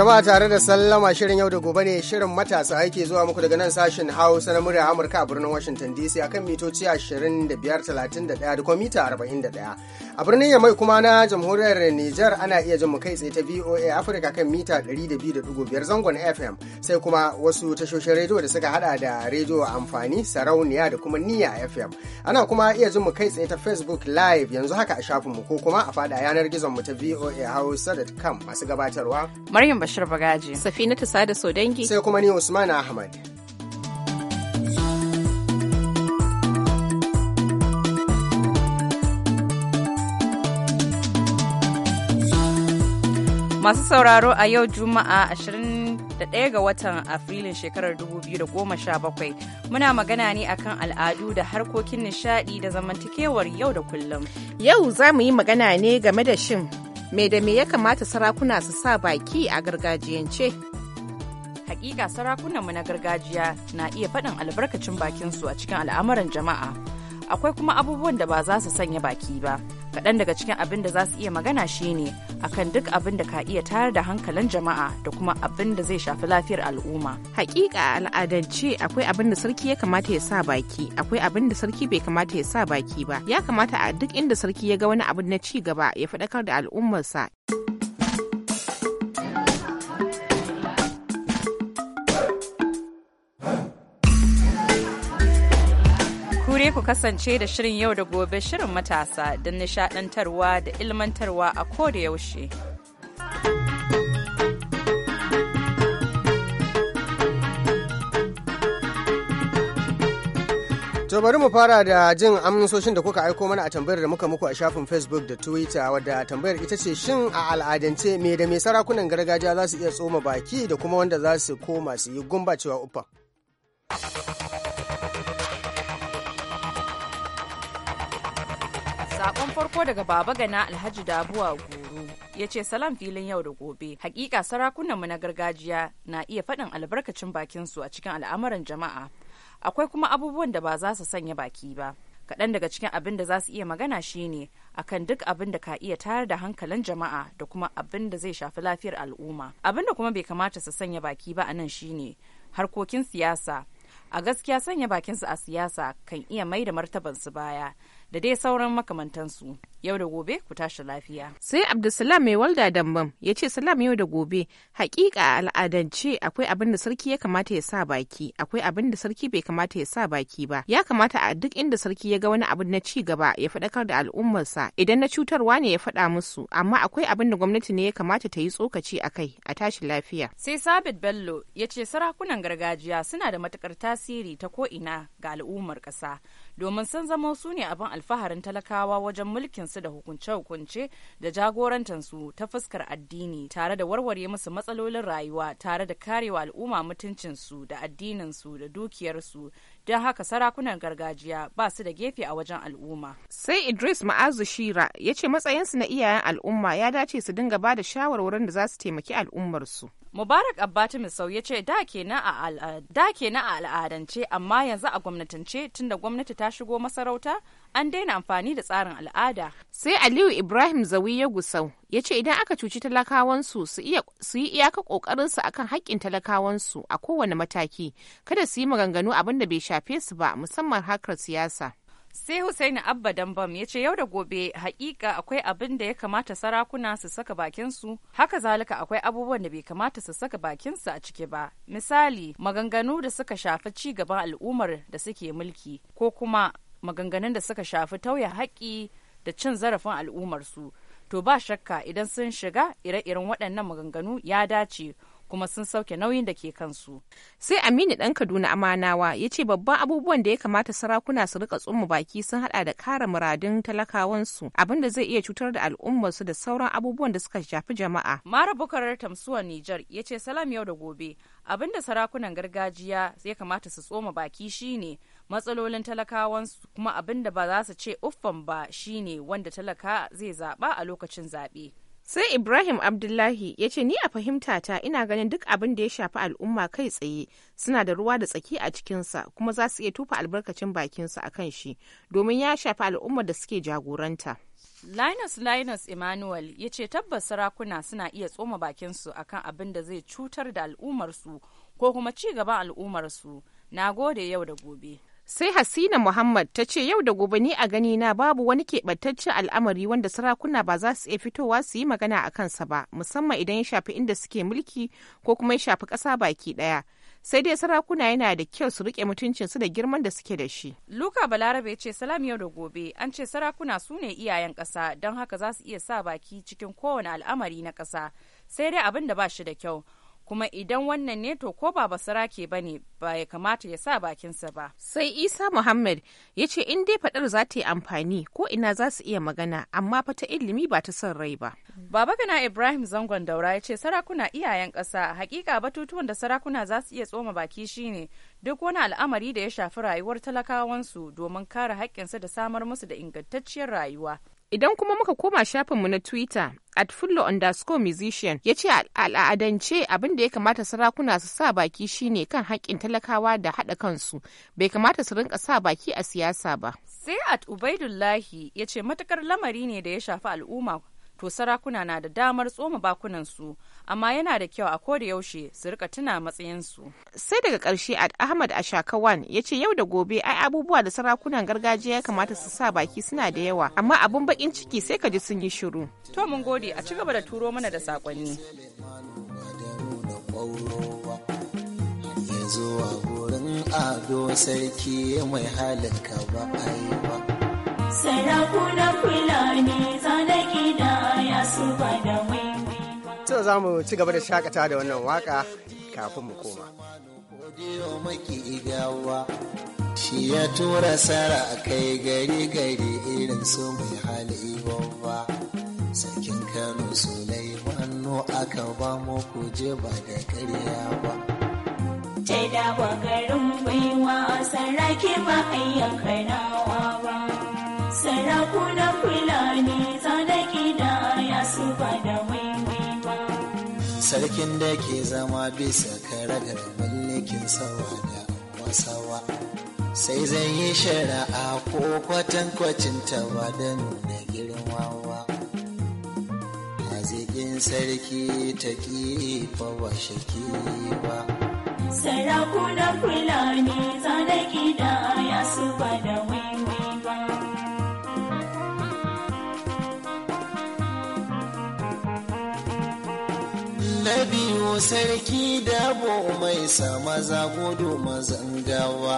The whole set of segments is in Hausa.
Jama'a tare da sallama shirin yau da gobe ne shirin matasa yake zuwa muku daga nan sashen Hausa na murya Amurka a birnin Washington DC akan mitoci 25, 31 da kwamita da 41. a birnin yamai kuma na jamhuriyar Nijar ana iya jin mu kai tsaye ta VOA Africa kan mita biyar zangon FM sai kuma wasu tashoshin rediyo da suka hada da rediyo amfani sarauniya da kuma niya FM ana kuma iya jin mu kai tsaye ta Facebook live yanzu haka a shafin mu ko kuma a fada yanar gizon mu ta VOA Hausa.com masu gabatarwa Maryam Bashir Bagaji Safina Tusa da Sodangi sai kuma ni Usman Ahmad Masu sauraro a yau Juma'a 21 ga watan Afrilun shekarar 2017 muna magana ne akan al'adu da harkokin nishadi da zamantakewar yau da kullum. Yau za mu yi magana ne game da shin me da me ya kamata sarakuna su sa baki a gargajiyance. Hakika sarakunanmu na gargajiya na iya faɗin albarkacin bakinsu a cikin al'amuran jama'a. Akwai kuma abubuwan da ba za su sanya baki ba. kaɗan daga cikin abin da za su iya magana shine akan duk abin da ka iya tayar da hankalin jama'a da kuma abin da zai shafi lafiyar al'umma. Hakika al'adance akwai abin da sarki ya kamata ya sa baki, akwai abin da sarki bai kamata ya sa baki ba. Ya kamata a duk inda sarki ya ga wani abu na ci gaba ya faɗakar da al'ummarsa. kure ku kasance da shirin yau da gobe shirin matasa don nishadantarwa da ilmantarwa a ko da yaushe. To bari mu fara da jin amsoshin da kuka aiko mana a tambayar da muka muku a shafin Facebook da Twitter wadda tambayar ita ce shin a al'adance me da me sarakunan gargajiya za su iya tsoma baki da kuma wanda za su koma su yi gumba cewa farko daga Baba Gana Alhaji Dabuwa Goro ya ce salam filin yau da gobe. Hakika sarakunanmu na gargajiya na iya faɗin albarkacin bakinsu a cikin al'amuran jama'a. Akwai kuma abubuwan da ba za su sanya baki ba. kaɗan daga cikin abin da za su iya magana shine akan duk abin da ka iya tayar da hankalin jama'a da kuma abin da zai shafi lafiyar al'umma abin da kuma bai kamata su sanya baki ba anan shine harkokin siyasa a gaskiya sanya bakinsu a siyasa kan iya mai da martabansu baya da dai sauran makamantansu. Yau da gobe ku tashi lafiya. Sai Abdulsalam mai walda dambam ya ce salam yau da gobe hakika a al'adance akwai abin da sarki ya kamata ya sa baki akwai abin da sarki bai kamata ya sa baki ba ya kamata a duk inda sarki ya ga wani abin na ci gaba ya faɗakar da al'ummarsa idan na cutarwa ne ya faɗa musu amma akwai abin da gwamnati ne ya kamata ta yi tsokaci a kai a tashi lafiya. Sai Sabit Bello ya ce sarakunan gargajiya suna da matukar tasiri ta ko ina ga al'ummar ƙasa. domin sun zama su ne abin alfaharin talakawa wajen mulkin su da hukunce-hukunce da jagorantansu ta fuskar addini tare da warware musu matsalolin rayuwa tare da karewa al'umma mutuncinsu da addininsu da dukiyarsu don haka sarakunan gargajiya ba su da gefe a wajen al'umma. Sai Idris Ma'azu Shira ya ce matsayinsu na iyayen al'umma ya dace su dinga ba da shawarwarin da za su taimaki al'ummarsu. Mubarak Abbatu Misau ya ce da kenan a al'adance amma yanzu a gwamnatance tunda gwamnati ta shigo masarauta an daina amfani da tsarin al'ada. Sai Aliyu Ibrahim Zawi ya gusau ya ce idan aka cuci talakawansu su yi iyaka ƙoƙarinsu akan haƙƙin talakawansu a kowane mataki kada su yi maganganu abin da bai shafe su ba musamman harkar siyasa. sai Hussaini Abba Dambam ya ce yau da gobe haƙiƙa akwai abin da ya kamata sarakuna su saka bakinsu haka zalika akwai abubuwan da bai kamata su saka bakinsu a ciki ba misali maganganu da suka shafi ci gaban al'ummar da suke mulki ko kuma maganganun da suka shafi tauye haƙƙi da cin zarafin al'ummarsu to ba shakka idan sun shiga ire-iren waɗannan maganganu ya dace kuma sun sauke nauyin da ke kansu. Sai Aminu ɗan Kaduna Amanawa ya ce babban abubuwan da ya kamata sarakuna su rika tsumma baki sun hada da kare muradun talakawansu abin da zai iya cutar da al'ummarsu da sauran abubuwan da suka shafi jama'a. Mara bukarar tamsuwa Nijar ya ce salam yau da gobe abin da sarakunan gargajiya ya kamata su tsoma baki shine matsalolin talakawansu kuma abin da ba za su ce uffan ba shine wanda talaka zai zaɓa a lokacin zaɓe. sai ibrahim abdullahi ya ce ni a fahimtata ina ganin duk abin da ya shafi al'umma kai tsaye suna da ruwa da tsaki a cikinsa kuma za su iya tufa albarkacin bakinsu a kan shi domin ya shafi al'ummar da suke jagoranta linus linus emmanuel ya ce tabbas sarakuna suna iya tsoma bakinsu akan abin da zai cutar da al'ummarsu ko kuma ci gaban al'ummarsu na gode yau da gobe sai hasina muhammad ta ce yau da gobe ni a gani na babu wani keɓantaccen al'amari wanda sarakuna ba za su iya fitowa su yi magana a kansa ba musamman idan ya shafi inda suke mulki ko kuma ya shafi ƙasa baki ɗaya sai dai sarakuna yana da kyau su rike su da girman da suke da shi. Luka Balarabe ce salam yau da gobe an ce sarakuna su ne iyayen ƙasa don haka za su iya sa baki cikin kowane al'amari na ƙasa sai dai abin da ba shi da kyau kuma idan wannan ne to ko ba ke ba ne ba ya kamata ya sa bakinsa ba. Sai Isa Muhammad ya ce in dai faɗar za ta yi amfani ko ina za su iya magana amma fa ta ilimi ba ta son rai ba. Baba gana Ibrahim Zangon Daura ya ce sarakuna iyayen ƙasa hakika batutuwan da sarakuna za su iya tsoma baki shine duk wani al'amari da ya shafi rayuwar talakawansu domin kare haƙƙinsu da samar musu da ingantacciyar rayuwa. Idan kuma muka koma shafinmu na Twitter at fullo underscore musician ya ce al'adance abin da ya kamata sarakuna su sa baki shine kan haƙƙin talakawa da haɗa kansu bai kamata su rinka sa baki a siyasa ba. Sai at Ubaidullahi ya ce matuƙar lamari ne da ya shafi al'umma to sarakuna na da damar tsoma su amma yana da kyau a koda yaushe su rika tuna matsayin su. sai daga ƙarshe ahmad ashakawan ya ce yau da gobe ai abubuwa da sarakunan gargajiya ya kamata su sa baki suna da yawa amma abun bakin ciki sai ka ji sun yi shiru. to mun gode a ci gaba da turo mana da saƙonni. zuwa gurin ado sarki mai halin ka ba a yi ba na Fulani zanaki da ya su da za mu ci gaba da shakata da wannan waka kafin mu koma. Shi ya tura sara kai gari gari irin su mai hali babba. Sakin Kano Sulaiman no aka ba mu kuje ba da karya ba. Jada wa garin a sarrake ba ayyanka nawa. sarakunan fulani sadaki da ya su da waiwai ba. Sarkin da ke zama bisa karagar mulkin sawa da wasawa. Sai zan yi shara'a ko kwatankwacin kwacin taba da nuna girmawa. Haziƙin sarki ta ƙi fa ba shaki ba. Sarakunan fulani sadaki da ya su da sarki dabo mai sama godo mazan gawa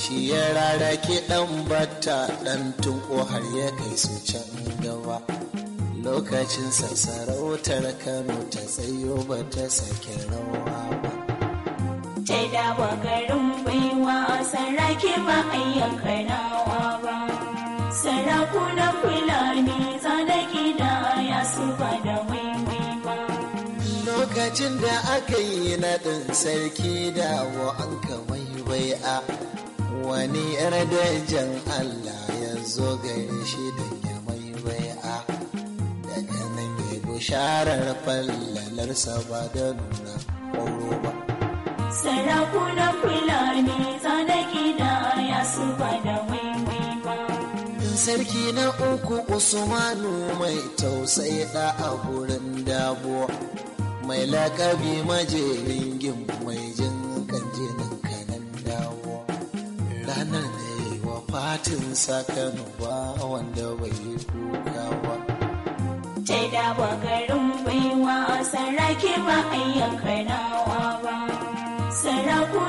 shi ya rarake dan batta dan tunko har ya kai su can gaba lokacin sassarautar kano ta tsayo ba ta sake rawa ba ta dabo garin baiwa sarrake ba ayyanka nawa ba sarakunan fulani zanaki da ya su ba da lokacin da aka yi naɗin sarki da wa an kamai bai'a wani jan Allah ya zo gare shi da ya mai bai'a daga nan ya bisharar fallalarsa ba da nuna ƙoro ba. Sarakunan Fulani zanaki da ya su ba da ba. Sarki na uku Usmanu mai tausayi da a gurin dabo. mai lakabi majerin gin mai jin kanjinin kanan dawo ranar ne wa fatin sakanu ba wanda bai yi kuka ba jaida ba garin baiwa sarrake ba ayyan kanawa ba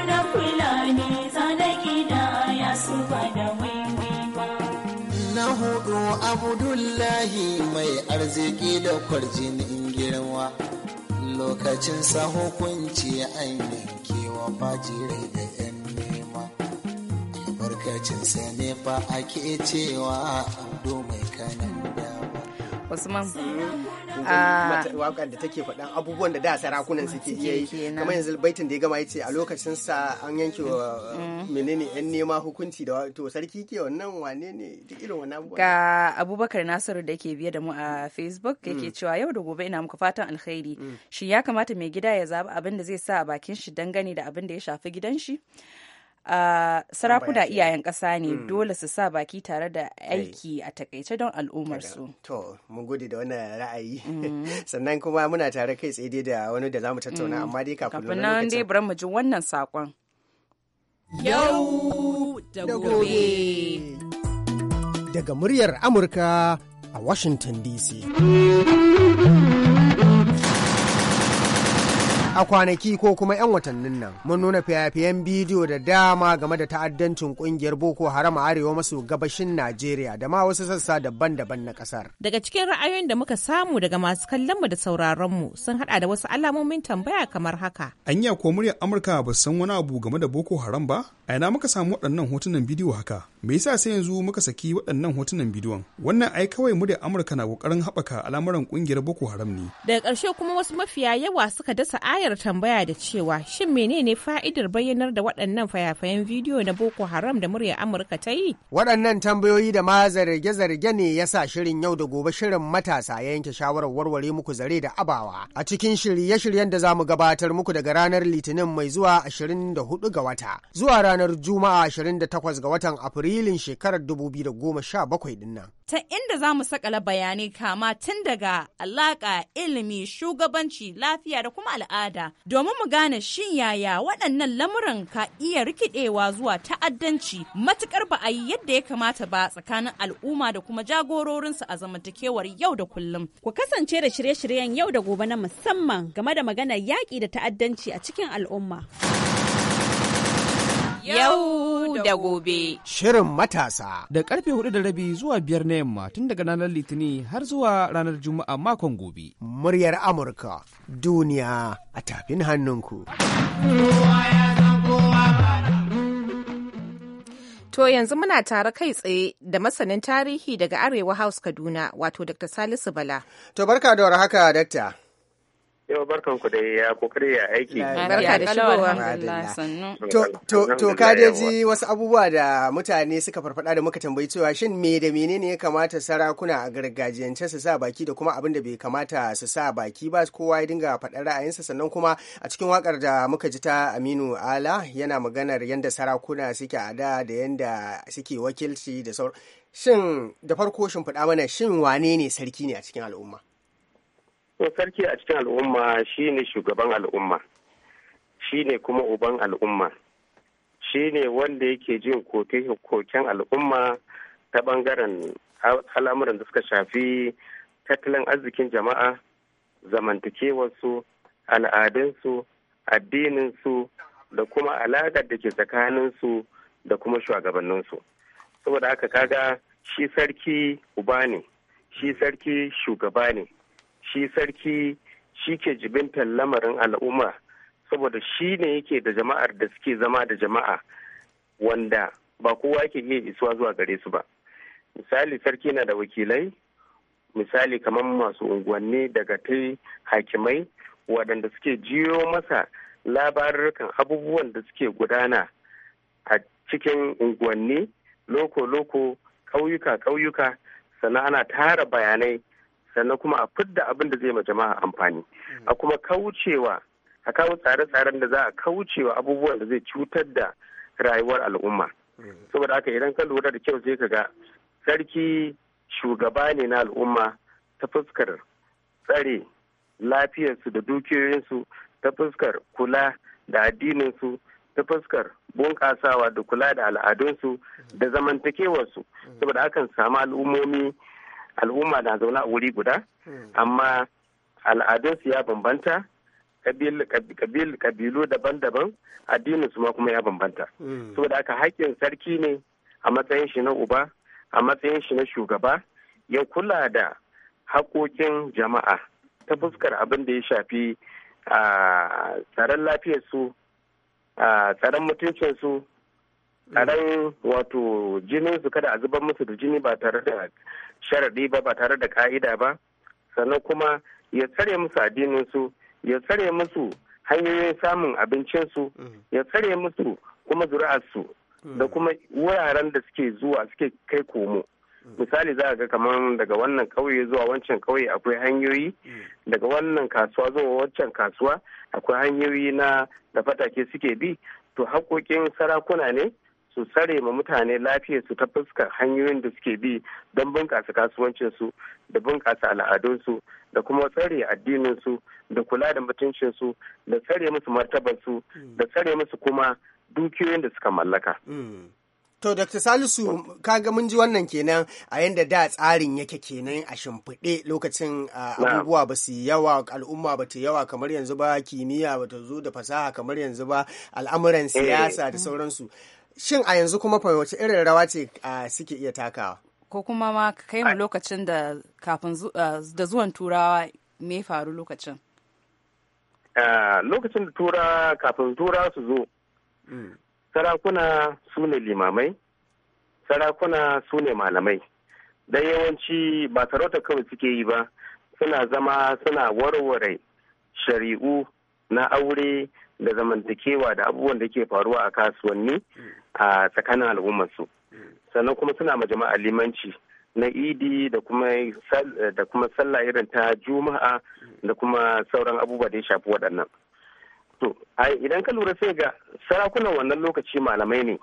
na fulani zanaki da ya su ba da waiwai ba na hudu abdullahi mai arziki da kwarjinin girma lokacin sa hukunci an yankewa fajirai da yan nema albarkacin sa ne fa ake cewa ado mai kanan dama usman wakan ah. da take faɗan abubuwan da da sarakunan suke ke yi kamar yanzu baitin da ya gama yace a lokacin sa an yanke wa mm. menene yan nema hukunci da to sarki ke wannan wane ne duk irin wannan abubuwa ga abubakar nasiru da ke biye da mu a facebook mm. yake cewa yau da gobe ina muka fatan alkhairi mm. shin ya kamata mai gida ya zaba abin da zai sa a bakin shi dangane da abin da ya shafi gidan shi Uh, sarakuna iyayen ƙasa ne mm. dole su sa baki tare da aiki a takaice don al'ummarsu. To, mun gode da wannan ra'ayi. Mm-hmm. Sannan kuma muna tare kai tsaye da wani da za mu tattauna mm-hmm. amma dai kafin lokacin. Kafin nan dai bari mu ji wannan saƙon. Yau da gobe. Daga muryar Amurka a Washington DC. A kwanaki ko kuma 'yan watannin nan mun nuna fiyafiyen bidiyo da dama game da ta'addancin kungiyar Boko Haram a arewa maso gabashin Najeriya da ma wasu sassa daban-daban na kasar. Daga cikin ra'ayoyin da muka samu daga masu kallon mu da sauraron mu sun hada da wasu alamomin tambaya kamar haka. Anya ko muryar Amurka ba san wani abu game da Boko Haram ba? A ina muka samu waɗannan hotunan bidiyo haka? Me yasa sai yanzu muka saki waɗannan hotunan bidiyon? Wannan ai kawai murya Amurka na kokarin haɓaka al'amuran ƙungiyar Boko Haram ne. Daga ƙarshe kuma wasu mafiya yawa suka dasa aya ayar tambaya da cewa shin menene fa'idar bayyanar da waɗannan fayafayen bidiyo na Boko Haram da murya Amurka ta yi? Waɗannan tambayoyi da ma zarge-zarge ne ya sa shirin yau da gobe shirin matasa ya yanke shawarar warware muku zare da abawa. A cikin shirye-shiryen da za mu gabatar muku daga ranar Litinin mai zuwa 24 ga wata zuwa ranar Juma'a 28 ga watan Afrilun shekarar da 2017 din nan. Ta inda za mu sakala bayanai kama tun daga alaƙa, ilimi, shugabanci, lafiya da kuma al'ada. al'ada domin mu gane shin yaya waɗannan lamuran ka iya rikidewa zuwa ta'addanci matukar ba a yi yadda ya kamata ba tsakanin al'umma da kuma jagororinsu a zamantakewar yau da kullum. Ku kasance da shirye-shiryen yau da gobe na musamman game da maganar yaƙi da ta'addanci a cikin al'umma. yau da gobe. Shirin matasa. Da karfe hudu da rabi zuwa biyar na yamma tun daga ranar Litini har zuwa ranar Juma'a makon gobe. Muryar Amurka duniya a tafin hannunku. To yanzu muna tare kai tsaye da masanin tarihi daga Arewa House Kaduna wato Dr. Salisu Bala. To barka da haka Dakta. Yau barkan ku dai ya kokari ya aiki. Barka da shigowa. To to ka ji wasu abubuwa da mutane suka farfada da muka tambayi cewa shin me da menene ya kamata sarakuna a gargajiyance su sa baki da kuma abin da bai kamata su sa baki ba kowa ya dinga faɗar ra'ayinsa sannan kuma a cikin wakar da muka ji ta Aminu Ala yana maganar yanda sarakuna suke ada da da suke wakilci da sauran. Shin da farko shin faɗa mana shin wane ne sarki ne a cikin al'umma? sarki a cikin al'umma shi ne shugaban al'umma shi ne kuma uban al'umma shi ne wanda yake jin koken al'umma ta bangaren al'amuran da suka shafi tattalin arzikin jama'a zamantakewarsu al'adunsu addininsu da kuma alaƙar da ke tsakaninsu da kuma shugabanninsu saboda haka kaga shi sarki uba ne shi sarki shugaba ne shi sarki shi ke jibintar lamarin al'umma saboda shi ne yake da jama'ar da suke zama da jama'a wanda ba kowa ke iya isuwa zuwa gare su ba misali sarki na da wakilai misali kamar masu unguwanni daga ta hakimai waɗanda suke jiyo masa labarurkan abubuwan da suke gudana a cikin unguwanni loko-loko ƙauyuka-ƙauyuka sannan ana tara bayanai sannan kuma a fidda abin da zai ma jama'a amfani a kuma kaucewa a kawo tsare-tsaren da za a kaucewa abubuwan da zai cutar da rayuwar al'umma saboda haka idan ka lura da kyau sai ka ga sarki shugaba ne na al'umma ta fuskar tsare lafiyarsu da dukiyoyinsu ta fuskar kula da addininsu ta fuskar bunƙasawa da kula da al'adunsu da zamantakewarsu saboda akan samu al'ummomi al'umma na zaune a wuri guda hmm. amma al'adunsu ya bambanta kabilu daban-daban addinin su ma kuma ya bambanta hmm. saboda haka haƙƙin sarki ne a matsayin shi na uba a matsayin shi na shugaba ya kula da haƙoƙin jama'a ta fuskar abin da ya shafi ah, tsaron lafiyarsu ah, tsaron mutuncinsu tsaron wato jinin su kada a zubar musu da jini ba tare da sharaɗi ba ba tare da ka'ida ba sannan kuma ya tsare musu addinin su ya tsare musu hanyoyin samun abincin su mm. ya tsare musu kuma su mm. da kuma wuraren da suke zuwa suke kai komo mm. misali za a ga kamar daga wannan kauye zuwa wancan kauye akwai hanyoyi daga wannan kasuwa zuwa wancan kasuwa akwai hanyoyi na da fatake suke bi to haƙoƙin sarakuna ne su tsare ma mutane su ta fuskar hanyoyin da suke bi don bunƙasa kasuwancinsu da bunƙasa al'adunsu da kuma tsare addininsu da kula da mutuncinsu da tsare musu martabarsu da tsare musu kuma dukiyoyin da suka mallaka. Mm. To, Dr. Salisu, kaga mun ji wannan kenan a yadda da tsarin yake kenan a shimfiɗe lokacin uh, abubuwa ba su yawa, al'umma ba ta yawa kamar yanzu ba, kimiyya ba ta zo da fasaha kamar yanzu ba, al'amuran eh. siyasa da sauransu. shin a yanzu kuma fa wace irin rawa ce suke iya takawa ko kuma ma kai mu lokacin da kafin da zuwan turawa me faru lokacin lokacin da tura kafin tura su zo mm. sarakuna su ne limamai sarakuna su ne malamai dan yawanci ba sarauta kawai suke yi ba suna zama suna warware shari'u na aure da zamantakewa da abubuwan da ke faruwa a kasuwanni a tsakanin al'ummarsu sannan kuma suna ma jama'a limanci na idi da kuma sallah irin ta juma'a da kuma sauran abubuwa da ya shafi waɗannan to idan ka lura sai ga sarakunan wannan lokaci malamai ne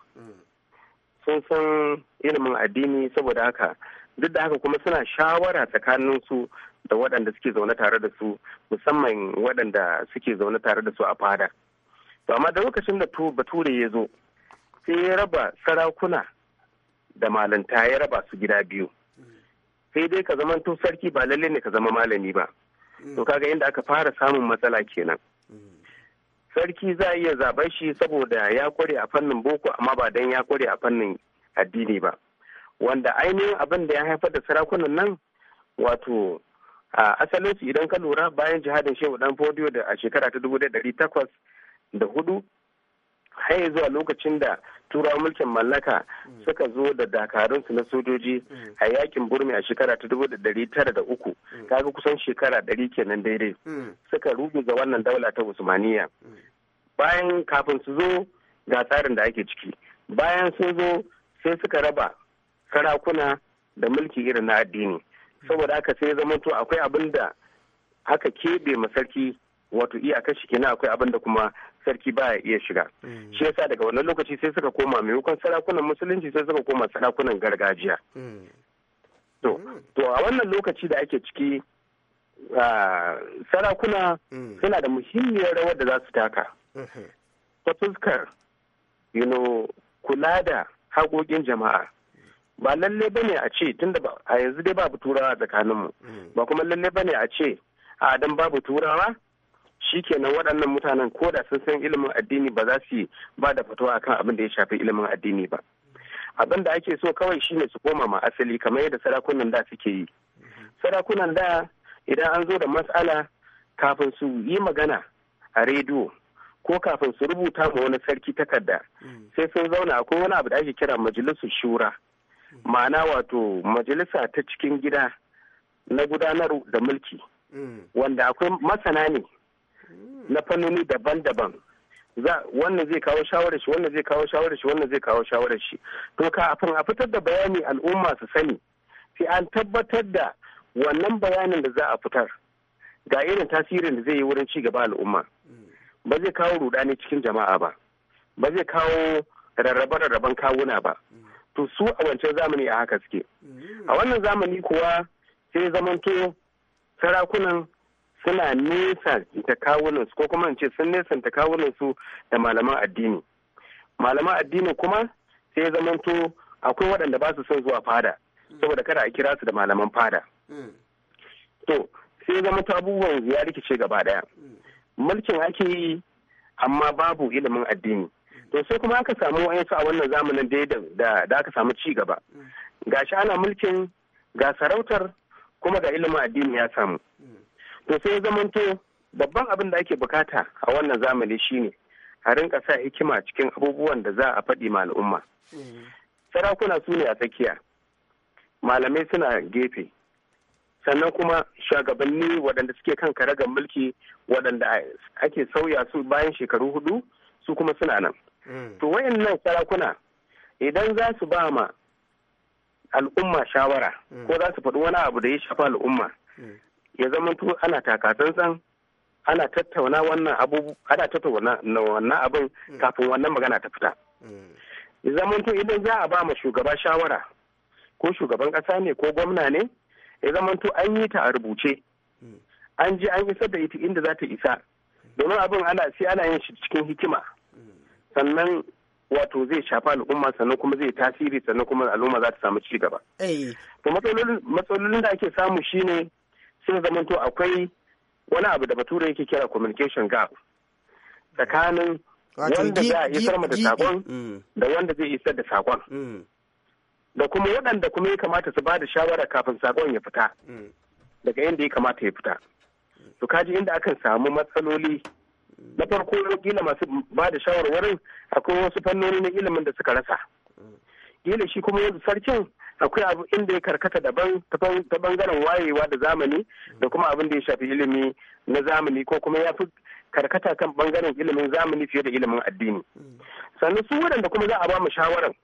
sun san ilimin addini saboda haka duk da haka kuma suna shawara tsakanin su da waɗanda suke zaune tare da su musamman waɗanda suke zaune tare da su a fada to amma da lokacin da bature ya zo sai ya raba sarakuna da malanta ya raba su gida biyu sai dai ka zama to sarki ba lalle ne ka zama malami ba to kaga inda aka fara samun matsala kenan sarki za a iya zaben shi saboda ya kware a fannin boko amma ba dan ya kware a fannin addini ba wanda ainihin abin da ya haifar da sarakunan nan wato a asalin idan ka lura bayan jihadin shehu dan fodiyo da a shekara ta dubu takwas da hudu har zuwa lokacin da turawa mulkin mallaka mm. suka zo da dakarunsu na sojoji mm. a yakin burmi a shekara ta dubu da dari tara da uku mm. kaga kusan shekara dari kenan daidai suka ruguza wannan daula ta usmaniya bayan kafin su zo ga tsarin da ake ciki bayan sun zo sai suka raba sarakuna da mulki irin na addini saboda aka sai zama to akwai abin da aka keɓe masarki wato iyakar shi kenan akwai abin da kuma sarki baya iya shiga mm. shi yasa daga wannan lokaci sai suka koma maimakon sarakunan musulunci sai suka koma sarakunan gargajiya mm. Mm. to a wannan lokaci da ake ciki sarakuna suna da muhimmiyar rawar da za su taka mm-hmm. ta fuskar kula da haƙoƙin jama'a ba lalle bane a ce tunda a yanzu dai babu turawa tsakaninmu ba kuma lalle bane a ce a dan babu turawa shi shikenan waɗannan mutanen ko da sun san ilimin addini ba za su yi ba da fatuwa akan abin da ya shafi ilimin addini ba abin da ake so kawai shine su koma ma asali kamar yadda sarakunan da suke yi sarakunan da idan an zo da matsala kafin su yi magana a rediyo ko kafin su rubuta ma wani sarki takarda sai sun zauna akwai wani abu da ake kira majalisar shura ma'ana wato majalisa ta cikin gida na gudanar da mulki mm. wanda akwai masana ne na fannoni daban-daban wannan zai kawo shawarar shi wannan zai kawo shawarar shi wannan zai kawo shawarar shi to kafin a fitar da bayani al'umma su sani sai an tabbatar da wannan bayanin da za a fitar ga irin tasirin da zai yi wurin ci gaba al'umma ba zai kawo rudani cikin jama'a ba ba zai kawo rarraba rarraban kawuna ba to su a wancan zamani a haka suke a wannan zamani kuwa sai zamanto sarakunan suna nesa da kawunan ko kuma ce sun nesanta kawunan su da malaman addini malaman addini kuma sai ya zamanto akwai waɗanda ba su son zuwa fada saboda kada a kira su da malaman fada to sai ya zamanto abubuwan ya rikice gaba daya mulkin ake yi amma babu ilimin addini to sai kuma aka samu wa'yansu a wannan zamanin da da aka samu ci gaba gashi ana mulkin ga sarautar kuma ga ilimin addini ya samu to sai ya zamanto babban abin da ake bukata a wannan zamani shine a rinka sa hikima cikin abubuwan da za a faɗi ma al'umma sarakuna su ne a tsakiya malamai suna gefe sannan kuma shugabanni waɗanda suke kan karagar mulki waɗanda ake sauya su bayan shekaru hudu su kuma suna nan mm. to wayannan sarakuna idan za su ba ma al'umma shawara mm. ko za su faɗi wani abu da ya shafa al'umma mm. ya to ana tsantsan ana tattauna wannan abu ana tattauna wannan abin mm. kafin wannan magana ta fita mm. ya to idan za a ba ma shugaba shawara ko shugaban kasa ne ko gwamna ne ya zamanto an yi ta a rubuce mm. an ji an isar da ita inda za ta isa domin abin ana sai ana yin shi cikin hikima sannan wato zai shafa al'umma sannan kuma zai tasiri sannan kuma al'umma za ta samu ci gaba. Eh. To matsalolin da ake samu shine sai to akwai wani abu da bature yake kira communication gap tsakanin wanda za a isar ma da sakon mm. da wanda zai isar da sakon mm. da kuma waɗanda kuma ya kamata su ba da shawara kafin sakon ya fita mm. daga inda ya kamata ya fita to kaji inda akan samu matsaloli na farko kila masu ba da shawarwarin akwai wasu fannoni na ilimin da suka rasa kila shi kuma yanzu sarkin akwai abu inda ya karkata daban ta bangaren wayewa da zamani da kuma abin da ya shafi ilimi na zamani ko kuma ya fi karkata kan bangaren ilimin zamani fiye da ilimin addini sannan su waɗanda kuma za a ba mu shawaran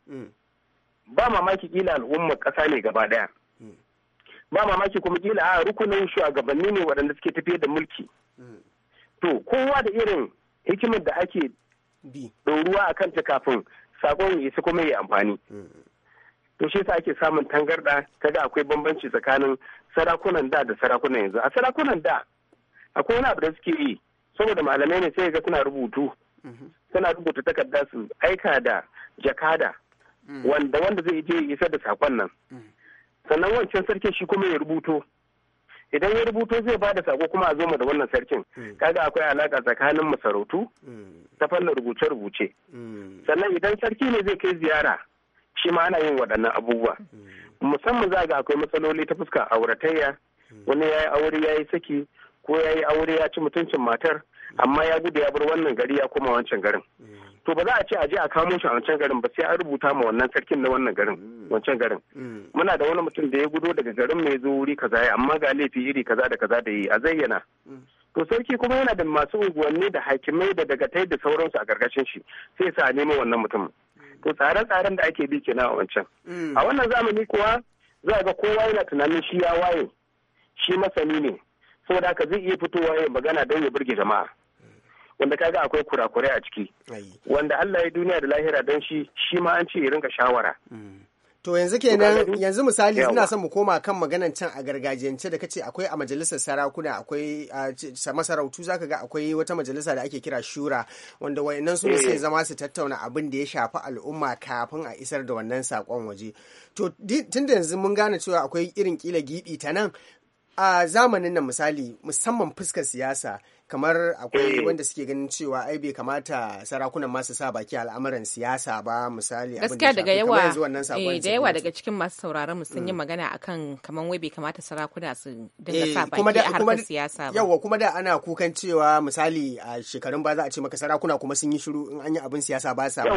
ba mamaki kila al'ummar ƙasa ne gaba ɗaya ba mamaki kuma kila a rukunin shugabanni ne waɗanda suke tafiye da mulki to kowa da irin hikimar da ake ɗoruwa a kanta kafin saƙon ya isa kuma ya amfani to shi ake samun tangarda kaga akwai bambanci tsakanin sarakunan da da sarakunan yanzu a sarakunan da akwai wani abu da suke yi saboda malamai ne sai ga suna rubutu mhm. suna rubuta takarda su aika da jakada mm. wanda wanda zai je isa da sakon nan mm. sannan wancan sarkin shi kuma ya rubuto idan ya rubuto zai bada da sako kuma a zo da wannan sarkin mm. kaga akwai alaka tsakanin masarautu ta fannin rubuce-rubuce sannan idan sarki ne zai kai ziyara shi ma ana yin waɗannan abubuwa musamman za ga akwai matsaloli ta fuska auratayya wani ya yi aure ya yi saki ko ya yi aure ya ci mutuncin matar amma ya gudu ya bar wannan gari ya koma wancan garin to ba za a ce a je a kamo shi a wancan garin ba sai an rubuta ma wannan sarkin na wannan garin wancan garin muna da wani mutum da ya gudo daga garin mai zo wuri kaza ya amma ga laifi iri kaza da kaza da yi a zayyana to sarki kuma yana da masu unguwanni da hakimai da dagatai da sauransu a gargashin shi sai sa nemo wannan mutum to tsare-tsaren da ake bi kenan a wancan a mm. wannan zamani kuwa za ga kowa yana tunanin shi ya waye shi masani ne saboda haka zai iya fitowa ya magana don ya burge jama'a wanda kaga akwai kurakurai a ciki wanda Allah ya duniya da lahira don shi shi ma an ce ya rinka shawara mm. To yanzu kenan yanzu misali ina son mu koma kan maganan can a gargajiyance da kace akwai a majalisar sarakuna akwai a masarautu zaka ga akwai wata majalisa da ake kira shura wanda wayannan su sai eh. zama su tattauna abin da ya shafi al'umma kafin a isar da wannan sakon waje. To da yanzu mun gane cewa akwai irin kila giɗi ta nan a zamanin nan misali musamman fuskar siyasa kamar akwai eh. wanda suke ganin cewa ai bai kamata sarakunan masu sa baki al'amuran siyasa ba misali gaskiya daga yawa eh, da yawa daga cikin masu sauraron mu sun yi mm. magana akan kamar wai bai kamata sarakuna su dinga eh, sa baki a harkar siyasa ba yawa kuma da ana kukan cewa misali a shekarun ba za a ce maka sarakuna kuma sun yi shiru in an yi abin siyasa ba sa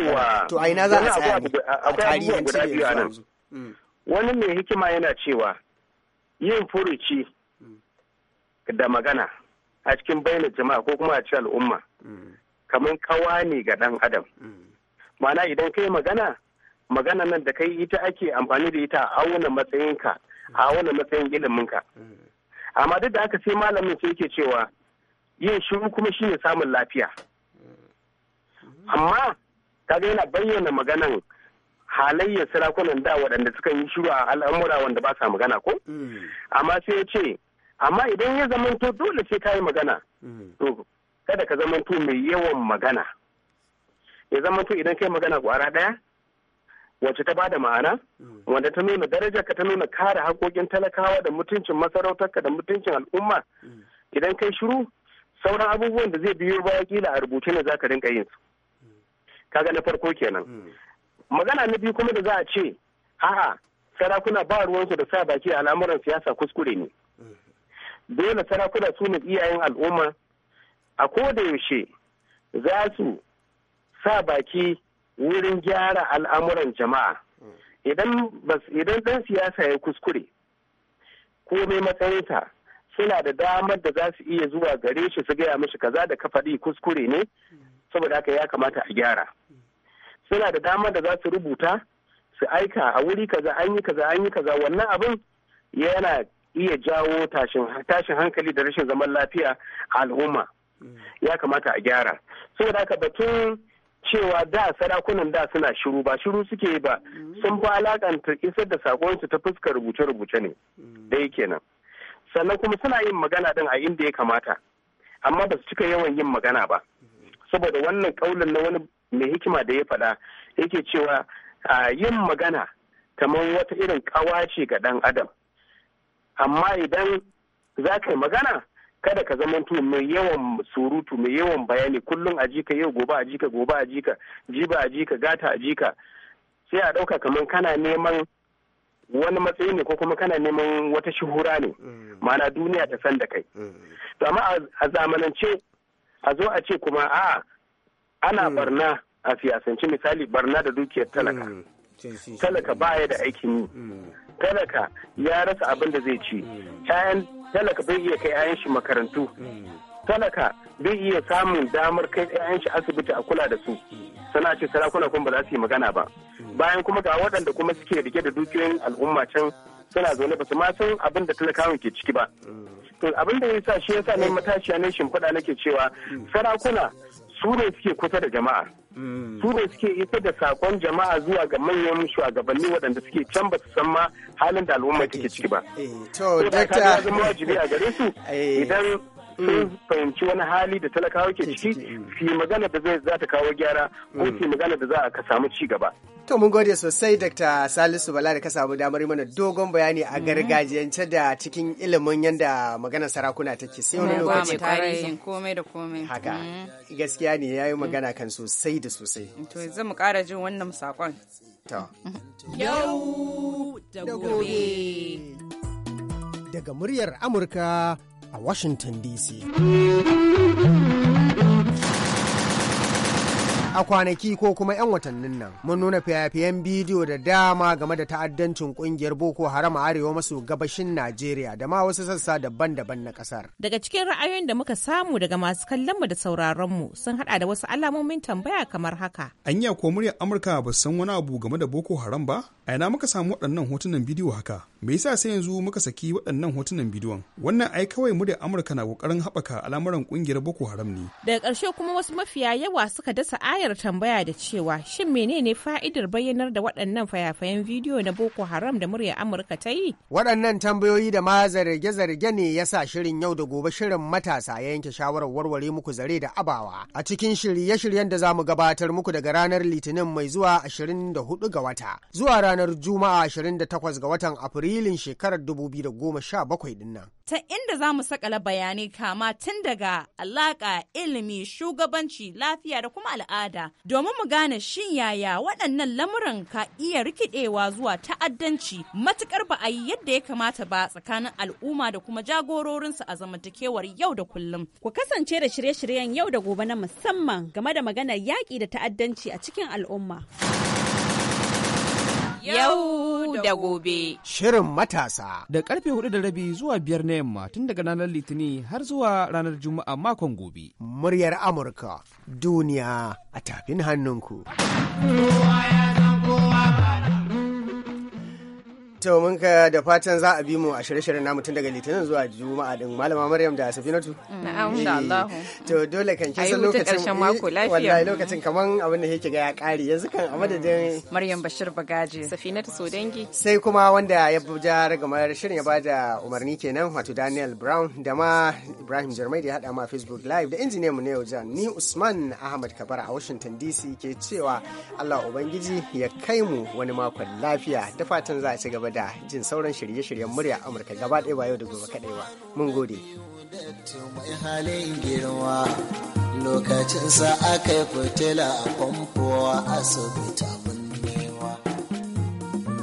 to a ina za a tsaya ne a tarihin yanzu mm. wani mai hikima yana cewa yin furuci mm. da magana a cikin bayanin jama'a ko kuma a ci al'umma mm. kamar kawa ne ga ɗan adam mm. ma'ana idan kai magana magana nan da kai ita ake amfani da ita a auna matsayinka a auna matsayin iliminka mm. amma duk da aka sai malamin sai yake cewa yin shiru kuma shine samun lafiya amma kaga yana bayyana maganan halayyar sarakunan da waɗanda suka yi shiru a al'amura wanda ba sa magana ko amma sai ya ce amma idan ya zamanto dole ce ka yi magana mm. to kada ka zamanto mai yawan magana ya zamanto idan kai magana kwara daya wacce ta bada ma'ana mm. wanda ta nuna daraja ka ta nuna kare hakokin talakawa da mutuncin masarautarka da mutuncin al'umma mm. idan kai shiru sauran abubuwan da zai biyo baya kila a rubuce ne zaka rinka yin su kaga na farko kenan magana na biyu kuma da za a ce a'a sarakuna ba ruwansu da sa baki a al'amuran siyasa kuskure ne dole sarakuna su ne iyayen al'umma a koda yaushe za su sa baki wurin gyara al'amuran jama'a idan dan siyasa ya kuskure komai matsayinta suna da damar da za su iya zuwa gare shi su gaya mishi kaza da kafaɗi kuskure ne saboda haka ya kamata a gyara suna da damar da za su rubuta su aika a wuri kaza an yi kaza an yi kaza wannan abin yana iya jawo tashin hankali da rashin zaman lafiya a al'umma ya kamata a gyara saboda haka batun cewa da sarakunan da suna shiru ba shiru suke ba sun fi alakanta isar da sakonsu ta fuskar rubuce-rubuce ne da yake nan sannan kuma suna yin magana din a inda ya kamata amma ba su cika yawan yin magana ba saboda wannan kaulin na wani mai hikima da ya faɗa yake cewa ah, yin magana kamar wata irin kawa ga ɗan adam amma idan za ka yi magana kada ka zama to mai yawan surutu mai yawan bayani kullum a jika yau gobe a jika gobe a jika jiba a jika gata a jika sai a dauka kamar kana neman wani matsayi ne ko kuma kana neman wata shuhura ne mana mm. duniya ta san da kai mm. to amma a zamanance a zo a ce kuma a ana mm. barna a siyasance misali barna da dukiyar talaka talaka baya da aikin yi talaka ya rasa abin da zai ci mm. ƴaƴan talaka bai iya kai ƴaƴan shi makarantu mm. talaka bai iya samun damar kai ƴaƴan shi asibiti a kula da su mm. sana ce sarakuna kuma ba za su yi magana ba bayan kuma ga waɗanda kuma suke rike da dukiyoyin al'umma can suna zaune ba su ma san abin da talakawan ke ciki ba to abin da ya sa shi yasa ne matashiya ne shimfiɗa nake cewa sarakuna su ne suke kusa da jama'a Mm. su ne suke isa da sakon jama'a zuwa ga manyan shugabanni waɗanda suke can ba su san ma halin da al'umma take ciki ba. Eh, to, dakta. zama wajibi a gare eh. idan sun mm. fahimci wani hali da talakawa ke ciki mm. fi magana da za ta kawo gyara ko mm. fi magana da za a samu ci gaba. To mun gode sosai Dr. Salisu Bala da ka samu damar mana dogon bayani a gargajiyance da cikin ilimin yadda maganar sarakuna take sai wani lokaci tarihin komai da komai. Haka gaskiya ne yayi magana kan sosai da sosai. To zan mu kara jin wannan sakon. To. Yau da gobe. Daga muryar Amurka a Washington DC. a kwanaki ko kuma 'yan watannin nan mun nuna fiyafiyen bidiyo da dama game da ta'addancin kungiyar boko haram a arewa maso gabashin najeriya da ma wasu sassa daban-daban na kasar daga cikin ra'ayoyin da muka samu daga masu kallon mu da sauraron mu, sun hada da wasu alamomin tambaya kamar haka An yi ko muryar amurka ba san wani abu game da boko haram ba a ina muka samu waɗannan hotunan bidiyo haka me yasa sai yanzu muka saki waɗannan hotunan bidiyon wannan ai kawai murya amurka na kokarin haɓaka al'amuran kungiyar boko haram ne daga ƙarshe kuma wasu mafiya yawa suka dasa ayar hanyar tambaya da cewa shin menene fa'idar bayyanar da waɗannan fayafayen bidiyo na Boko Haram da murya Amurka ta yi? Waɗannan tambayoyi da ma zarge-zarge ne ya sa shirin yau da gobe shirin matasa ya yanke shawarar warware muku zare da abawa. A cikin shirye-shiryen da za mu gabatar muku daga ranar Litinin mai zuwa 24 ga wata zuwa ranar Juma'a 28 ga watan Afrilun shekarar sha bakwai dinnan. Ta inda za mu sakala bayanai kama tun daga alaƙa, ilimi, shugabanci, lafiya da kuma al'ada. domin mu gane shin yaya waɗannan lamuran ka iya rikidewa zuwa ta'addanci matukar ba a yi yadda ya kamata ba tsakanin al'umma da kuma jagororinsu a zamantakewar yau da kullum. Ku kasance da shirye-shiryen yau da gobe na musamman game da maganar yaƙi da ta'addanci a cikin al'umma. yau da gobe. Shirin matasa. Da karfe hudu da rabi zuwa biyar na yamma tun daga ranar Litinin har zuwa ranar Juma'a makon gobe. Muryar Amurka, duniya a tafin hannunku. To mun ka da fatan za a bi mu a shirye-shiryen namu tun daga Litinin zuwa Juma'a din Malama Maryam da Safinatu. Mm. Na'am insha eh, Allah. To dole kan kin san lokacin ƙarshen mako eh, lafiya. Wallahi lokacin kaman abin da yake ga ya kare yanzu kan a mm. madadin Maryam Bashir Bagaje. Safinatu dangi. Sai kuma wanda ya buja ragamar shirin ya bada umarni kenan wato Daniel Brown da ma Ibrahim Jarmai da ya hada ma Facebook Live da injiniyan mu ne yau ni Usman Ahmad Kabara a Washington DC ke cewa Allah Ubangiji ya kai mu wani makon lafiya da fatan za a ci gaba gaba da jin sauran shirye-shiryen murya Amurka gaba ɗaya ba yau da gobe kaɗai ba. Mun gode. Lokacin sa aka yi fitila a famfo a asibiti abin newa.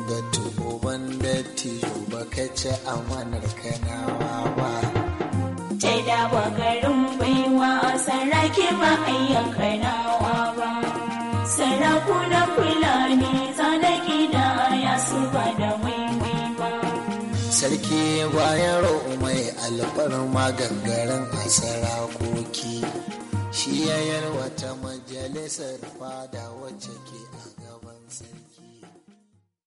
Da tuboban da tiyo ba ka ci amanar kanawa ba. Jaida ba garin baiwa a sarrake ba ayyan kanawa ba. Sarakunan Fulani sarki bayan ra'umai alfarma gangaren a sarakoki shi yayar wata majalisar fada wacce ke